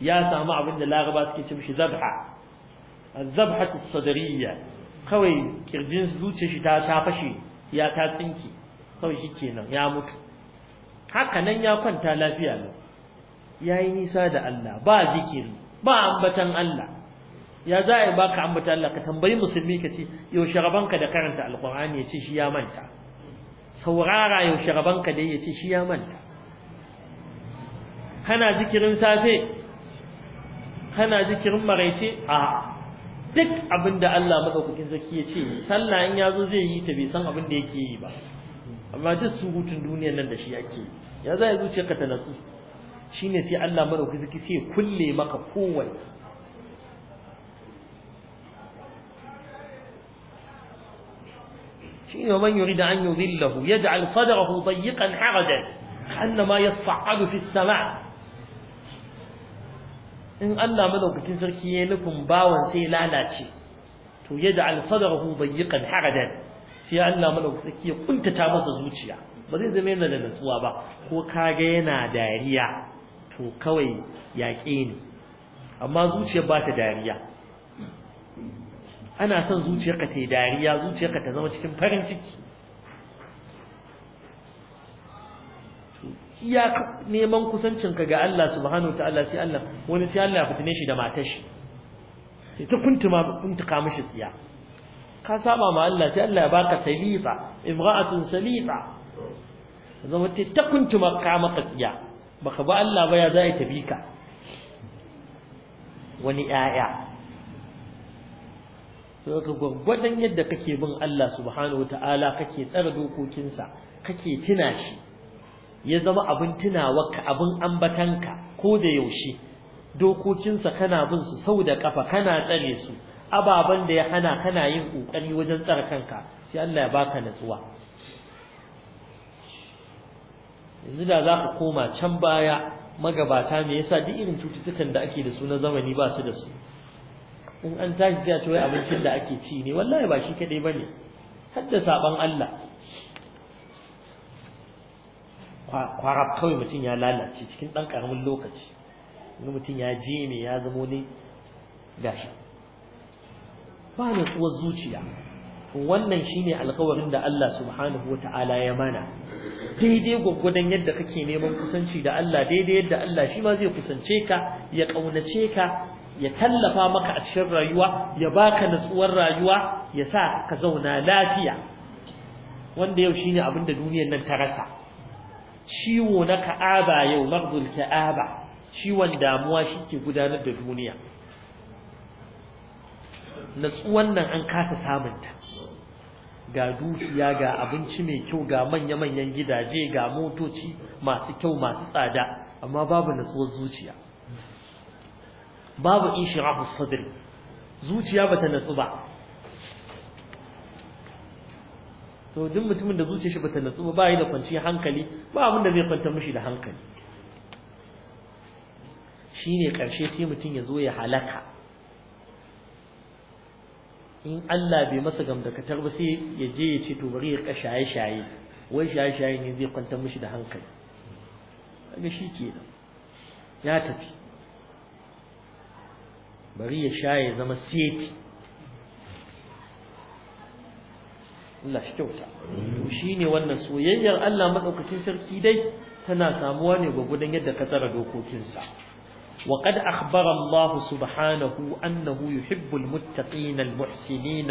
ya samu abin da laraba suke ce mishi zabha zabhatu sadriyya kawai kirjin zuciyar shi ta ta fashe ya ta tsinke kawai shi kenan ya mutu haka nan ya kwanta lafiya ne yayi nisa da Allah ba zikiri ba ambatan Allah ya za a yi ba ka ambata Allah ka tambayi musulmi ka ce yaushe ka da karanta alkur'ani ya ce shi ya manta saurara yaushe ka da ya ce shi ya manta kana zikirin safe kana zikirin maraice a duk abin da Allah kukin zaki ya ce sallah in yazo zai yi ta bai san abin da yake yi ba amma duk surutun duniyar nan da shi yake ya za a ya zuciyarka ta natsu shine sai Allah kukin zaki sai kulle maka kowai. shine man yurida an yudhillahu yaj'al sadrahu dayyqan harajan annama yas'adu fi as in Allah madaukakin sarki ya nufin bawan sai lalace to yaj'al sadrahu dayyqan harajan sai Allah madaukakin sarki ya kuntata masa zuciya ba zai zama yana da natsuwa ba ko kaga yana dariya to kawai yaƙe ne amma zuciyar ba ta dariya ana son zuciyarka ta yi dariya zuciyarka ta zama cikin farin ciki iya neman kusancinka ga Allah subhanahu ta'ala sai Allah wani sai Allah ya fitine shi da matar shi sai ta kuntuma kuntuka mishi tsiya ka saba ma Allah sai Allah ya baka salifa imra'atun salifa zama ce ta kuntuma ka maka tsiya baka ba Allah ba ya za ya tafi ka wani 'ya'ya. sai ka gwaggwadon yadda kake bin Allah subhanahu wataala kake tsara dokokinsa kake tuna shi ya zama abin ka, abin ambatanka ko da yaushe dokokinsa kana bin su sau da kafa kana tsare su ababen da ya hana kana yin kokari wajen tsara kanka sai Allah ya baka natsuwa yanzu da za ka koma can baya magabata me yasa duk irin cututtukan da ake da su na zamani ba su da su in an tashi sai a ce abincin da ake ci ne wallahi ba shi kadai bane hadda saban Allah kwarab kawai mutum ya lalace cikin dan karamin lokaci wani mutum ya je ne ya zamo ne gashi ba zuwa zuciya wannan shine alkawarin da Allah subhanahu ta'ala ya mana daidai gwaggwadon yadda kake neman kusanci da Allah daidai yadda Allah shi ma zai kusance ka ya ƙaunace ka ya tallafa maka a cikin rayuwa ya baka natsuwar rayuwa ya sa ka zauna lafiya wanda yau shine abin da duniyar nan ta rasa ciwo na ka'aba yau Marzul ka'aba ciwon damuwa shike gudanar da duniya natsuwan nan an kasa samunta ga dukiya ga abinci mai kyau ga manya-manyan gidaje ga motoci masu kyau masu tsada amma babu natsuwar zuciya babu ishirahu sadri zuciya bata natsu ba to duk mutumin da zuciyar shi bata natsu ba bai da kwanciyar hankali ba abin da zai kwanta mishi da hankali shine karshe sai mutum ya zo ya halaka in Allah bai masa gamdakatar ba sai ya je ya ce to bari ya ka shaye shaye wai shaye shaye ne zai kwanta mishi da hankali kaga shi kenan ya tafi bari ya sha ya zama seti Allah shi kyauta shi wannan soyayyar Allah maɗaukacin sarki dai tana samuwa ne ga gudan yadda ka tsara dokokinsa wa qad akhbara Allah subhanahu annahu yuhibbul muttaqin al muhsinin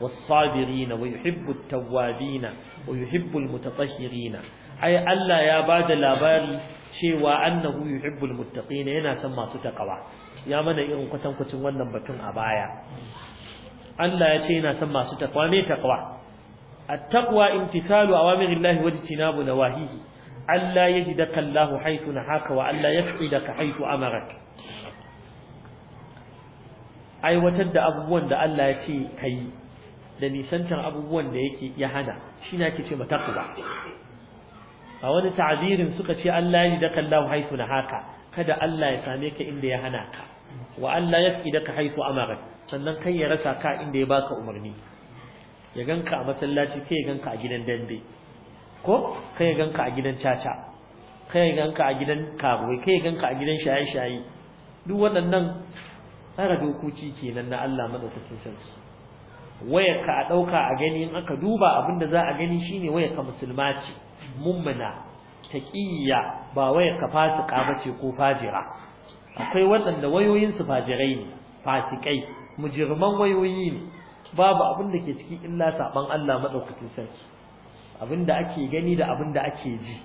was sabirin wa yuhibbut tawwabin wa yuhibbul mutatahhirin ai Allah ya bada labari cewa annahu yuhibbul muttaqin yana son masu takawa ya mana irin kwatankwacin wannan batun a baya Allah ya ce yana son masu takwa me takwa at-taqwa imtithalu awamirillahi wa jtinabu nawahihi Allah yajidaka Allah haythu nahaka wa Allah yafidaka haythu amarak aiwatar da abubuwan da Allah ya ce kai da nisantar abubuwan da yake ya hana shi na ke ce matakwa a wani ta'azirin suka ce Allah ya daka Allah haifu haka kada Allah ya same ka inda ya hana ka wa Allah ya fi daka haifu amarat sannan kai ya rasa ka inda ya baka umarni ya ganka a masallaci kai ya ganka a gidan dambe ko kai ya ganka a gidan caca kai ya ganka a gidan karuwai kai ya ganka a gidan shaye-shaye duk waɗannan tsara dokoki kenan na Allah madaukakin sarki wayar ka a ɗauka a gani in aka duba abin da za a gani shine wayar ka musulma ce mummuna taqiyya ba wayar ka fasika bace ko fajira akwai waɗanda wayoyinsu fajirai ne fasikai mujirman wayoyi ne babu abin da ke ciki illa saban Allah madaukakin sarki abin da ake gani da abin da ake ji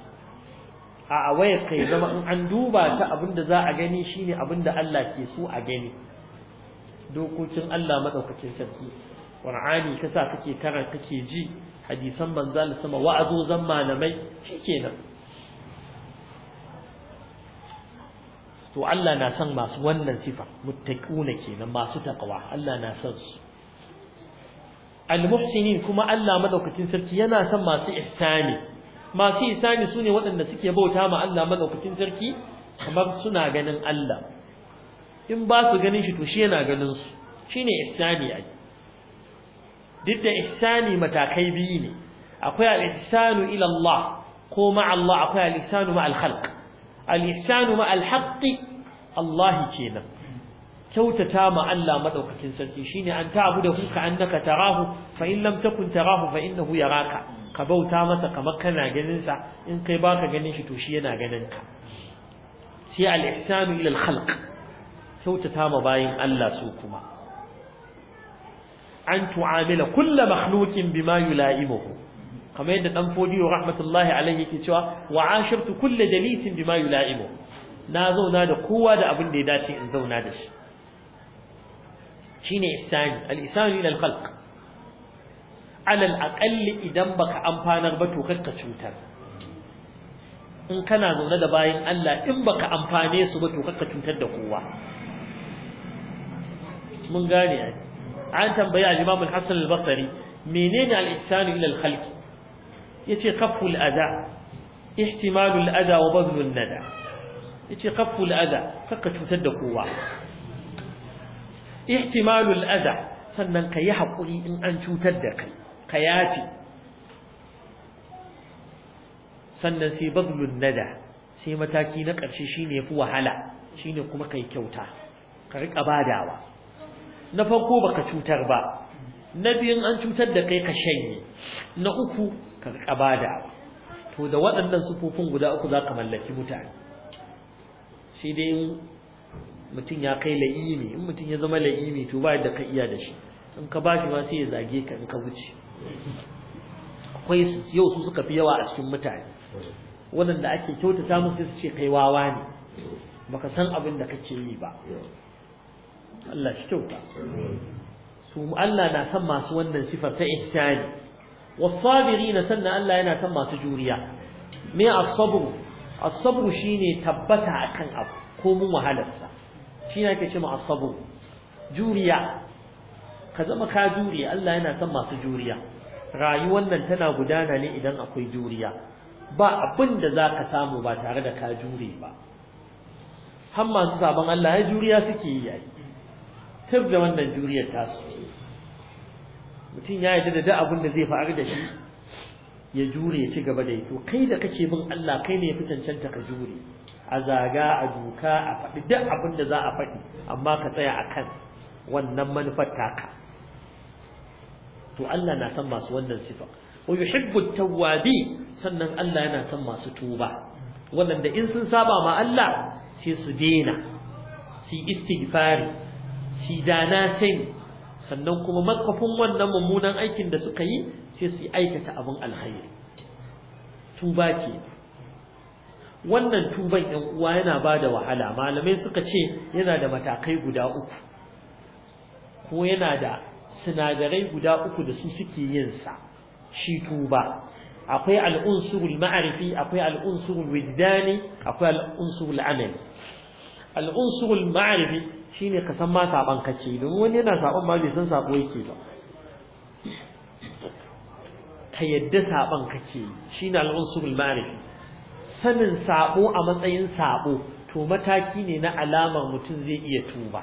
a wayar kai zama in an duba ta abin da za a gani shine abin da Allah ke so a gani dokokin Allah madaukakin sarki qur'ani kasa kake karanta kake ji hadisan manzo Allah sama wa'azo zan malamai shikenan to Allah na san masu wannan sifa muttaquna kenan masu taqwa Allah na san su almuhsinin kuma Allah madaukakin sarki yana san masu ihsani masu ihsani sune waɗanda suke bauta ma Allah madaukakin sarki kamar suna ganin Allah in ba su ganin shi to shi yana ganin su shine ihsani ai duk da ihsani matakai biyu ne akwai al-ihsanu ila Allah ko ma Allah akwai al-ihsanu ma al al-ihsanu ma al-haqqi Allah kenan kyautata ma Allah madaukakin sarki shine an abu da huka annaka tarahu fa in lam takun tarahu fa innahu yaraka ka bauta masa kamar kana ganin sa in kai baka ganin shi to shi yana ganin ka sai al-ihsanu ila al-khalq kyautata ma bayin Allah su kuma an tu'amila kullu makhluqin bima yula'imuhu kamar yadda dan fodiyo rahmatullahi alaihi yake cewa wa ashirtu kulli jalisin bima yula'imu na zauna da kowa da abin da ya dace in zauna da shi shine ihsani al-ihsani lil khalq ala al-aqall idan baka amfanar ba to kakka cutar in kana zaune da bayin Allah in baka amfane su ba to kakka cutar da kowa mun gane an tambaya al-imam al-hasan al-basri menene al-ihsani lil khalq Ya yace khafful adha ihtimalul adha wa badlun nada ce khafful adha kaka cutar da kowa ihtimalul adha sannan ka yi haƙuri in an cutar da kai ka yafi sannan sai badlun nada sai mataki na ƙarshe shi shine fi wahala shi ne kuma ka yi kyauta ka riƙa badawa na farko baka cutar ba na biyun an cutar da kai ka shanye na uku ka da awa. to da waɗannan sufufin guda uku za ka mallaki mutane sai dai mutum ya kai la'imi in mutum ya zama la'imi to ba da ka iya da shi in ka ba shi ma sai ya zage ka in ka wuce akwai yau su suka fi yawa a cikin mutane waɗanda ake kyautata musu su ce kai wawa ne baka san abin da kake yi ba Allah shi kyauta su Allah na san masu wannan sifar ta ihsani والصابرين سنة الله ينا كما تجوريا ما الصبر الصبر شيني تبتع عن أبو قوموا وهلسا شيني كشما الصبر جوريا ka juriya Allah yana san masu juriya. rayuwar nan tana gudana ne idan akwai juriya ba abin da za ka samu ba tare da ka jure ba har masu sabon Allah ya juriya suke yi yayi da wannan juriyar tasu mutum ya yarda da duk abin da zai fa'ar da shi ya jure ya ci gaba da yi to kai da kake bin Allah kai ne ya fi cancanta ka jure a zaga a duka a faɗi duk abin da za a faɗi amma ka tsaya a kan wannan manufar taka to Allah na san masu wannan sifa wa yuhibbu tawwabi sannan Allah yana san masu tuba wannan da in sun saba ma Allah sai su dena su istighfari su dana sai sannan kuma makwafin wannan mummunan aikin da suka yi sai su aikata abin alkhairi tuba ke wannan tuban yan uwa yana ba da wahala malamai suka ce yana da matakai guda uku ko yana da sinadarai guda uku da su suke yin sa shi tuba akwai al'unsurul ma'arifi akwai al'unsurul wijdani akwai al'unsurul amali al'unsurul ma'arifi shine ka san ma saban kace domin wani yana saban ma bai san sabo yake ba ka yadda saban kace shine al'unsurul ma'arifi sanin sabo a matsayin sabo to mataki ne na alamar mutum zai iya tuba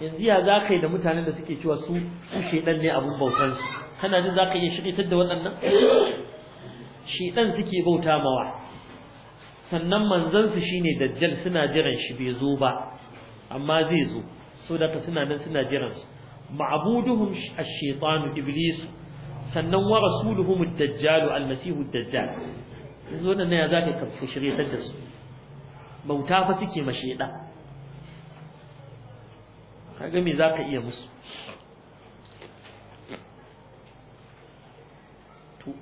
yanzu ya za ka yi da mutanen da suke cewa su su shedan ne abin su, kana jin za ka iya shirya da waɗannan shedan suke bauta mawa sannan manzansu shine dajjal suna jiran shi bai zo ba amma zai zo so da ka suna nan suna jiran su ma'buduhum ash-shaytanu iblis sannan wa rasuluhum ad-dajjal al-masih ad-dajjal yanzu wannan ne zaka ka shirye da su bauta fa suke ma shaydan kaga me zaka iya musu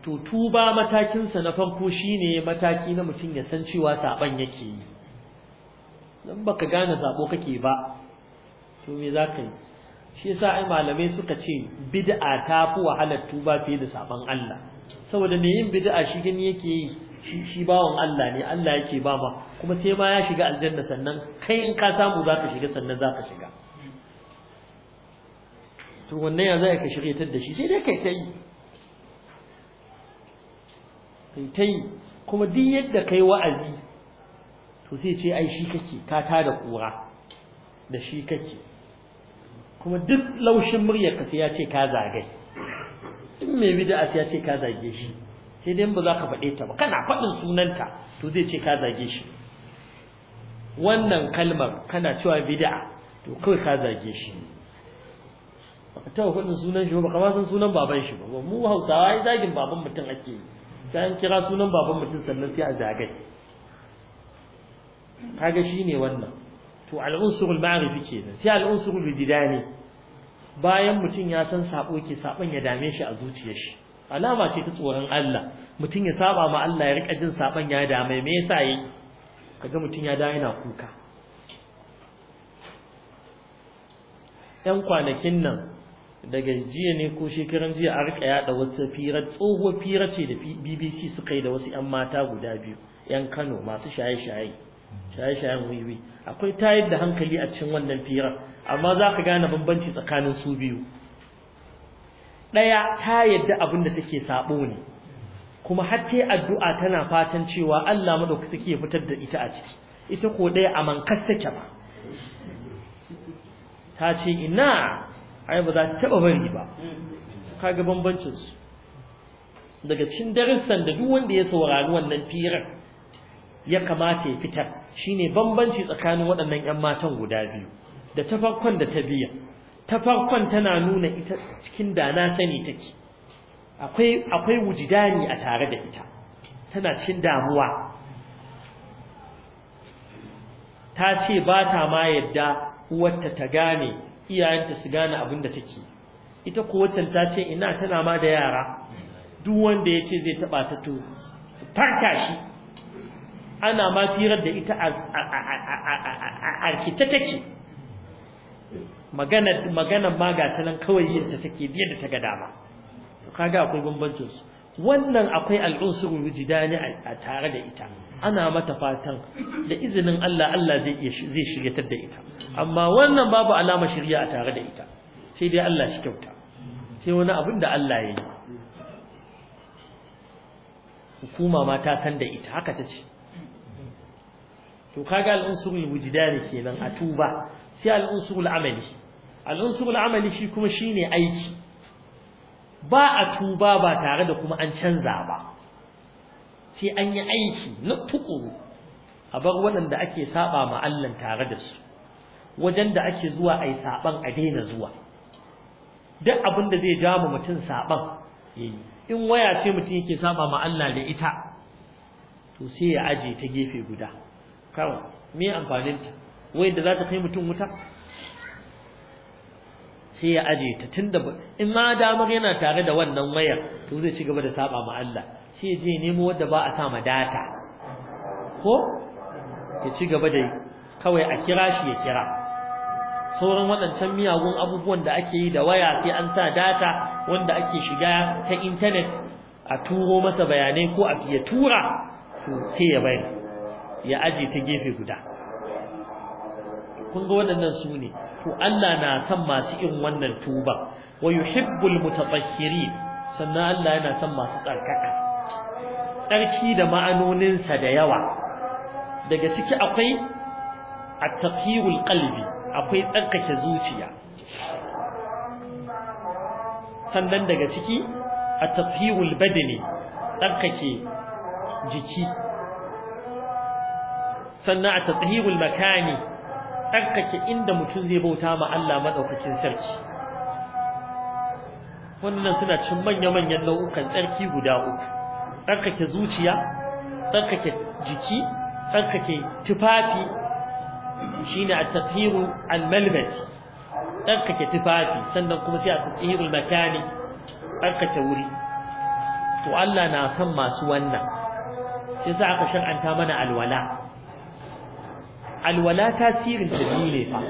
to tuba matakinsa na farko shine mataki na mutum ya san cewa saban yake yi dan baka gane sabo kake ba to me zaka yi shi yasa ai malamai suka ce bid'a ta fi wahalar tuba fiye da saban Allah saboda me yin bid'a shi gani yake yi shi shi bawon Allah ne Allah yake ba ba kuma sai ma ya shiga aljanna sannan kai in ka samu zaka shiga sannan zaka shiga to wannan ya zai ka shirye da shi sai dai kai ta yi kai ta yi kuma duk yadda kai wa'azi to sai ce ai shi kake ka tada kura da shi kake kuma duk laushin muryar ka sai ya ce ka zagai in mai bid'a sai ya ce ka zage shi sai dai ba za ka faɗe ta ba kana faɗin sunanta to zai ce ka zage shi wannan kalmar kana cewa bid'a to kawai ka zage shi ta faɗin sunan shi ba ba san sunan baban shi ba mu Hausawa ai zagin baban mutum ake yi sai an kira sunan baban mutum sannan sai a zagai kaga shine wannan to al'unsur al-ma'rifi kenan sai al'unsur al-bidani bayan mutum ya san sabo ke saban ya dame shi a zuciyar shi alama ce ta tsoron Allah mutum ya saba ma Allah ya rika jin saban ya dame me yasa yi kaga mutum ya da yana kuka yan kwanakin nan daga jiya ne ko shekaran jiya a rika yaɗa wasu fira tsohuwar fira ce da BBC suka yi da wasu yan mata guda biyu yan Kano masu shaye-shaye shaye-shayen wiwi akwai tayar da hankali a cikin wannan fira amma za ka gane bambanci tsakanin su biyu ɗaya ta yadda abin da take sabo ne kuma har ta addu'a tana fatan cewa Allah madauki suke fitar da ita a ciki ita ko ɗaya a mankar take ba ta ce ina ai ba za ta taba bari ba mm. kaga bambancin su daga cikin darussan da duk wanda ya saurari wannan firar ya kamata ya fitar shine bambanci tsakanin waɗannan ƴan matan guda biyu da ta farkon da ta biya ta farkon tana nuna ita cikin da na sani take akwai akwai wujidani a tare da ita tana cikin damuwa ta ce ba ta ma yadda uwarta ta gane iyayenta su gane abin da take ita ko wancan ta ce ina tana ma da yara duk wanda ya ce zai taba ta to su farka shi ana ma firar da ita a arkice take Maganar magana ma ga ta nan kawai yin ta take biyar da ta ga dama kaga akwai bambancin su wannan akwai al'unsuru wujidani a tare da ita ana mata fatan da izinin Allah Allah zai shiryatar da ita amma wannan babu alama shirya a tare da ita sai dai Allah shi kyauta sai wani abin da Allah ya yi hukuma ma ta san da ita haka ta ce to kaga al'unsuru wujidani kenan a tuba sai al'unsuru al'amali al'unsuru al'amali shi kuma shine aiki ba a tuba ba tare da kuma an canza ba sai an yi aiki na tukuru a bar waɗanda ake saba ma Allah tare da su wajen da ake zuwa a yi saɓan a daina zuwa duk abin da zai jawo mutum saban in waya ce mutum yake saba ma Allah da ita to sai ya aje ta gefe guda kawai me amfaninta wai da za ta kai mutum wuta sai ya aje ta tunda in ma damar yana tare da wannan wayar to zai cigaba da saba ma Allah sai je nemo wanda ba a sa ma data ko ya ci da kawai a kira shi ya kira sauran waɗancan miyagun abubuwan da ake yi da waya sai an sa data wanda ake shiga ta internet a turo masa bayanai ko a ya tura sai ya bayar ya aje ta gefe guda kun ga waɗannan su ne to Allah na son masu irin wannan tuba wa yuhibbul mutatahhirin sannan Allah yana son masu tsarkaka tsarki da ma'anoninsa da yawa daga ciki akwai at-tathhirul qalbi akwai tsarkake zuciya sannan daga ciki at-tathhirul badani tsarkake jiki sannan at-tathhirul makani tsarkake inda mutum zai bauta ma Allah madaukakin sarki wannan suna cin manya-manyan nau'ukan tsarki guda uku tsarkake zuciya tsarkake jiki tsarkake tufafi shine at-tathiru al-malbas tsarkake tufafi sannan kuma sai a tathiru al-makani tsarkake wuri to Allah na son masu wannan sai sa aka shar'anta mana alwala alwala tasirin ta ne fa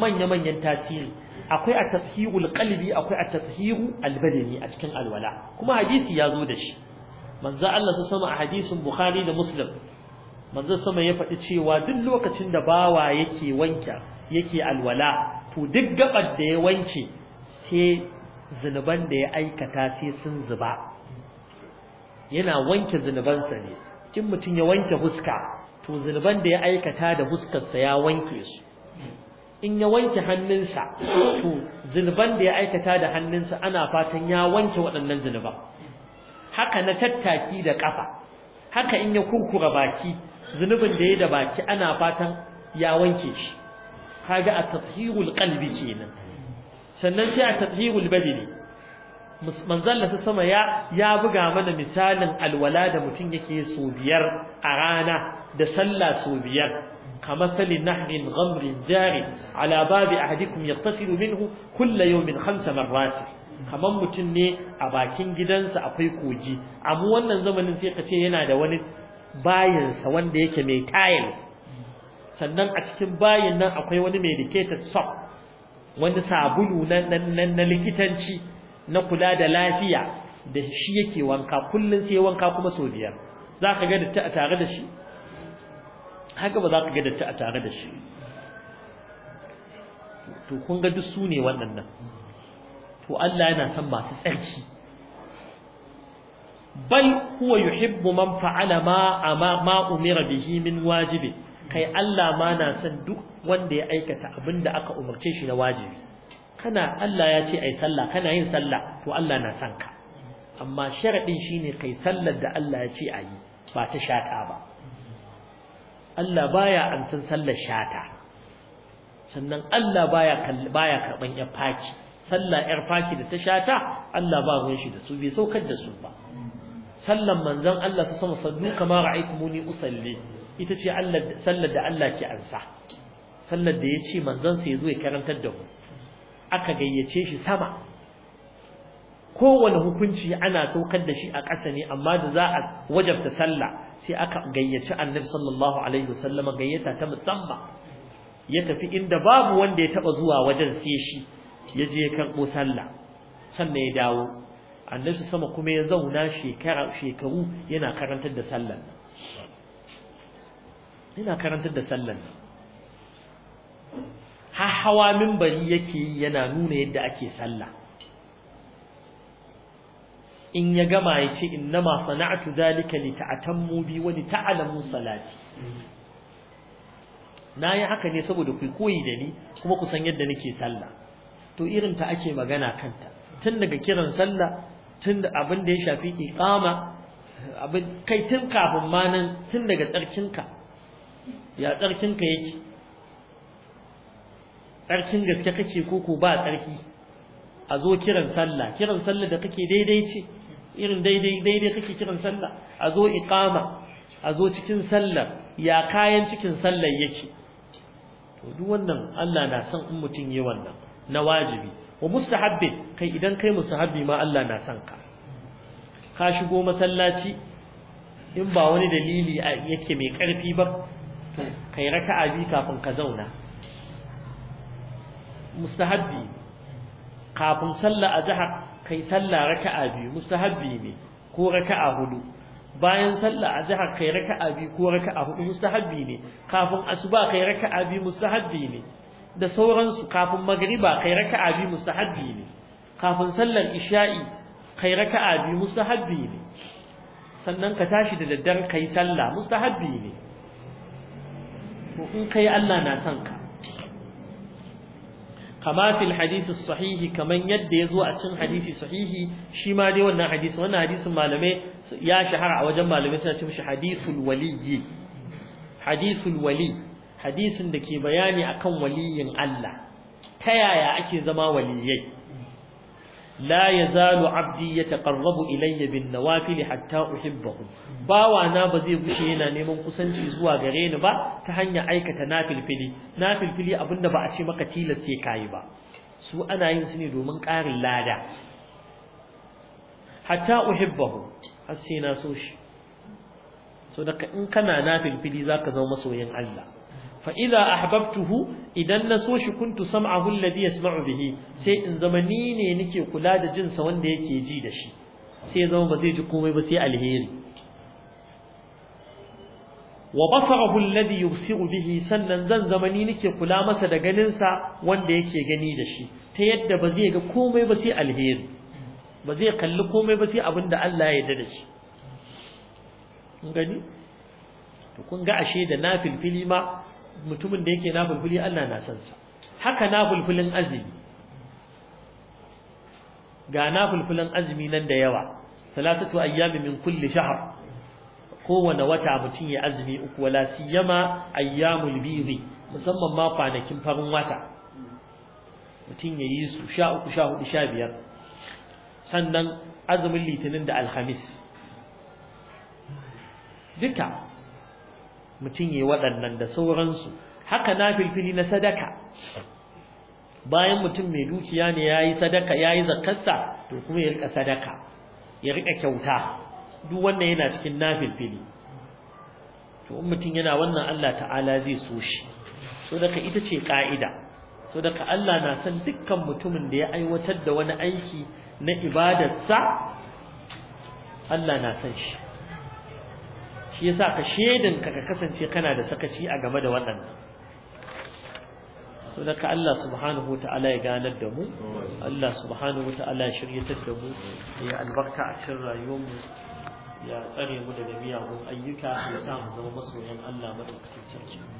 manya-manyan tasiri akwai a tashirul qalbi akwai a tafhiru albadani a cikin alwala kuma hadisi ya zo da shi manzo Allah sama a hadisin Bukhari da Muslim manzo sama ya faɗi cewa duk lokacin da bawa yake wanka yake alwala to duk gabar da ya wanke sai zunuban da ya aikata sai sun zuba yana wanke zinubansa ne Kin mutum ya wanke huska to zunuban da ya aikata da huskarsa ya wanke su in ya wanke hannunsa to zunuban da ya aikata da hannunsa ana fatan ya wanke waɗannan zunuban haka na tattaki da ƙafa haka in ya kurkura baki zunubin da ya da baki ana fatan ya wanke shi kaga a tathirul qalbi kenan sannan sai a tathirul badani manzon Allah sama ya ya buga mana misalin alwala da mutum yake so biyar a rana da sallah sau biyar كمثل نهر غمر جاري Jari, Alababi. أحدكم يغتسل منه كل يوم خمس مرات kaman mutum ne a bakin gidansa akwai koji amma wannan zamanin sai ka ce yana da wani bayinsa wanda yake mai tile sannan a cikin bayin nan akwai wani medicated soap wanda sabulu na na likitanci na kula da lafiya da shi yake wanka kullun sai wanka kuma sau biyar zaka ga da tare da shi haka ba za ka ga ta a tare da shi to kun ga duk su ne waɗannan to Allah yana son masu tsarki bal huwa yuhibbu man fa'ala ma ma umira bihi min wajibi kai Allah ma na son duk wanda ya aikata abin da aka umarce shi na wajibi kana Allah ya ce ai sallah kana yin sallah to Allah na san ka amma sharadin shine kai sallar da Allah ya ce ayi ba ta shata ba Allah baya ansan sallar shata sannan Allah baya baya karban yar faki sallar yar faki da ta shata Allah ba ruwan shi da su bai saukar da su ba sallan manzon Allah ta sama sallu kama ra'aytumuni usalli ita ce Allah sallar da Allah ke ansa sallar da yace manzon sa zo ya karantar da mu aka gayyace shi sama kowane hukunci ana saukar da shi a ƙasa ne amma da za a wajabta sallah sai aka gayyaci annabi sallallahu alaihi wasallama gayyata ta musamman ya tafi inda babu wanda ya taba zuwa wajen sai shi ya je karɓo sallah sannan ya dawo annabi sama kuma ya zauna shekara shekaru yana karantar da sallan yana karantar da sallan Ha hawa minbari yake yana nuna yadda ake sallah in ya gama ya ce ma sana'atu zalika li ta'tammu bi wa li ta'lamu salati na yi haka ne saboda ku koyi da ni kuma ku san yadda nake sallah to irin ta ake magana kanta tun daga kiran sallah tun da abin da ya shafi iqama abin kai tun kafin ma nan tun daga tsarkinka ya tsarkinka yake tsarkin gaske kake koko ba tsarki a zo kiran sallah kiran sallah da kake daidai ce irin daidai daidai kake kiran sallah a zo iqama a zo cikin sallar ya kayan cikin sallar yake to duk wannan Allah na san in mutum yi wannan na wajibi wa mustahabbi kai idan kai mustahabbi ma Allah na son ka ka shigo masallaci in ba wani dalili yake mai karfi ba to kai raka'a bi kafin ka zauna mustahabbi kafin sallah azhar kai sallah raka'a biyu mustahabbi ne ko raka'a hudu bayan sallah azhar kai raka'a biyu ko raka'a hudu mustahabbi ne kafin asuba kai raka'a biyu mustahabbi ne da sauransu kafin magriba kai raka'a biyu mustahabbi ne kafin sallar isha'i kai raka'a biyu mustahabbi ne sannan ka tashi da daddare kai sallah mustahabbi ne to in kai Allah na son ka kama fil hadisi sahihi kaman yadda ya zo a cikin hadisi sahihi shi ma dai wannan hadisi wannan hadisin malamai ya shahara a wajen malamai suna ce mishi hadisul waliyyi hadisul wali hadisin da ke bayani akan waliyin Allah ta yaya ake zama waliyai la yazalu abdi yataqarrabu ilayya bin nawafil hatta uhibbahu bawa na ba zai gushe yana neman kusanci zuwa gare ni ba ta hanyar aikata nafilfili nafilfili abinda ba a ce maka tilas sai kai ba su ana yin su ne domin ƙarin lada hatta uhibbahu har sai na so shi so daga in kana nafilfili zaka zama masoyin Allah fa idza ahbabtuhu idan na so shi kuntu sam'ahu alladhi yasma'u bihi sai in zama ni ne nake kula da jinsa sa wanda yake ji da shi sai zama ba zai ji komai ba sai alheri wa a basarahu alladhi yubsiru bihi sannan zan zama ni nake kula masa da ganinsa sa wanda yake gani da shi ta yadda ba zai ga komai ba sai alheri ba zai kalli komai ba sai abinda Allah ya yarda da shi kun gani to kun ga ashe da nafil ma. mutumin da yake nafulfuli Allah na san sa haka nafulfulin azumi ga nafulfulin azumi nan da yawa salatatu ayyami min kulli shahr kowane wata mutum ya azumi uku wala siyama ayyamul bidhi musamman ma kwanakin farin wata mutum ya yi su sha uku sha hudu sha biyar sannan azumin litinin da alhamis duka mutum ya waɗannan da sauransu haka na filfili na sadaka bayan mutum mai dukiya ne ya yi sadaka ya yi zakarsa to kuma ya rika sadaka ya rika kyauta duk wannan yana cikin na filfili to in mutum yana wannan Allah ta'ala zai so shi so daga ita ce ka'ida so daga Allah na san dukkan mutumin da ya aiwatar da wani aiki na ibadarsa Allah na san shi shi yasa ka shedin ka kasance kana da sakaci a game da waɗannan saboda Allah subhanahu ta'ala ya ganar da mu Allah subhanahu ta'ala ya shiryatar da mu ya albarka a cikin rayuwar mu ya tsare mu daga miyagun ayyuka ya sa mu zama masoyan Allah madaukakin sarki